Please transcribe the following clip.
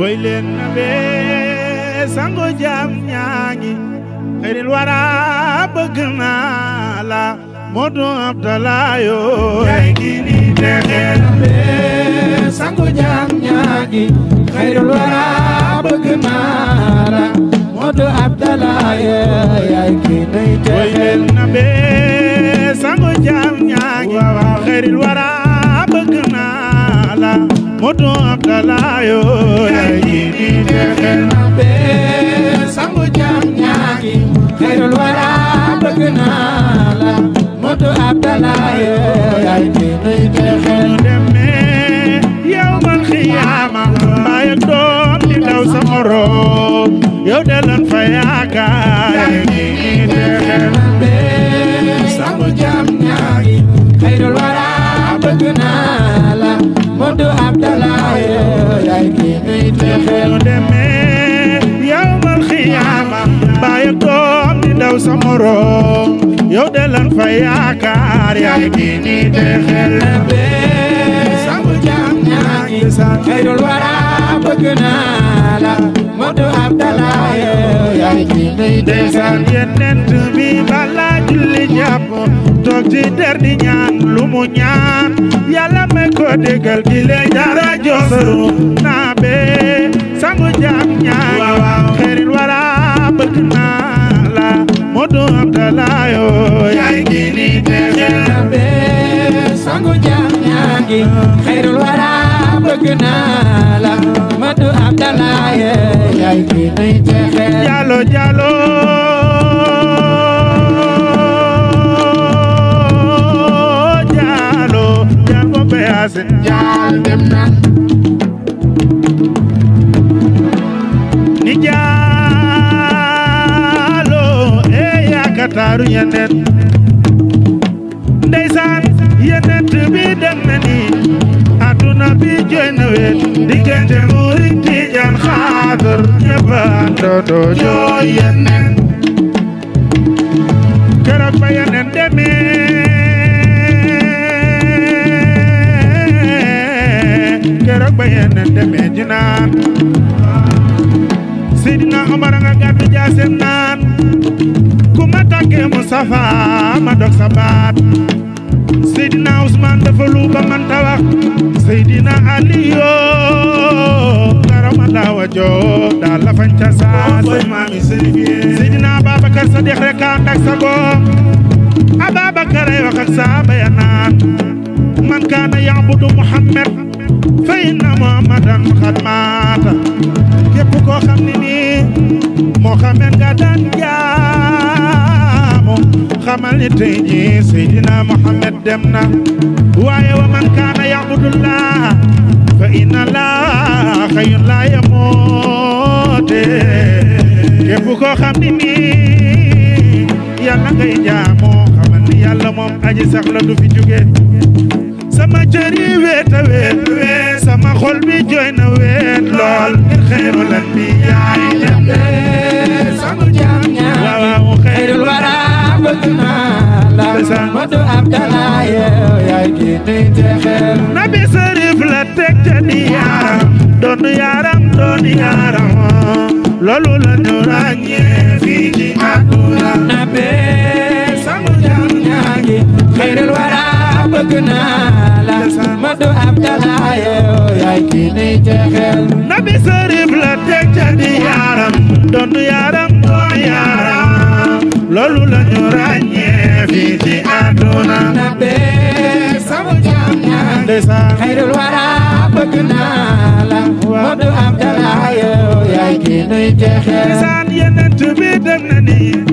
woy leen na bee sango jaam ñaangi xayril wara bëgg naa la Moodu Abdalaayo yaay gi ni texe na bee sango jaam ñaangi xayril wara bëgg naa la Moodu Abdalaayo yaay gi ni texe na bee sango jaam ñaangi xayril wara moto Abdallah yoo yaay ji ni defe na bee sangu jam ñaari xayrul wara bëgg naa la moto Abdallah yoo yaay ji ni defe na demee yow man xiyaama waaye doom di daw sa morom yow de lan fa yaakaar yaay ji ni defe na sa moroom yow de lan fa yaakaar yaay kini te xel na bee samu jaam ñaa ngi san xayrul wara bëgg naa la Modou Abdallah yaay kini te xel yonent bi bala julli jàpp toog ci der di ñaan lu mu ñaan yàlla may ko déggal di le jara jox naa be sangu jaam ñaan xerin wala bëgg naa la Modou Abdala yoo yaay gi ni naa be sangu jaam ñaan gi xerin wala bëgg naa la Modou Abdala yoo yaay gi ni texe jalo jalo seen jaal dem na ni jaaloo ee yaakataaru yeneen ndeysaan yeneen bi dem na ni aduna bi jooy na weet diggante murit tijaan xaadar ñëpp àndandoo jooy yeneen ba Seydina Omar nga gàddu jaaseem naan ku ma tàkkee Mustafa ma dog baat Seydina Ousmane dafa lu man tawax Seydina Aliyo Karamala wa joo daal la fañ ca saas oh, Seydina Babacar Sadiq rek ànd ak sa góor Ababakar ay wax ak saaba naan man kaana ya'budu Muhammad ran xat maata képp koo xam ne nii moo xameen nga daan jaamu xamal ni tey jii Seydina Muhammad dem na waaye wa man kaana ya'budullah fa inna laa xayyun laa yamuute képp koo xam ne nii yàlla ngay jaamu xamal ni yàlla moom aji sax la du fi jóge sama cëri weet a weet sama xol bi jooy na weet lool ngir xeeru lan bi yaay dem de sama jaam ñaar waaw xeerul wara bëgg naa la matu ab kalaaye yaay gi nuy texeel na bi sërif la teg ca ni yaaram doon yaaram doon yaaram loolu la ñu ràññee laaye yaay ki ni te xel nabi sërif la teg ca di yaaram doon yaaram doon yaaram loolu la ñu ràññee fii ci àdduna nabi samu jaam ñaa ndeysaan xayrul wara bëgg naa la wadu am dalaaye yaay ki ni te xel ndeysaan yeneen bi dem na nii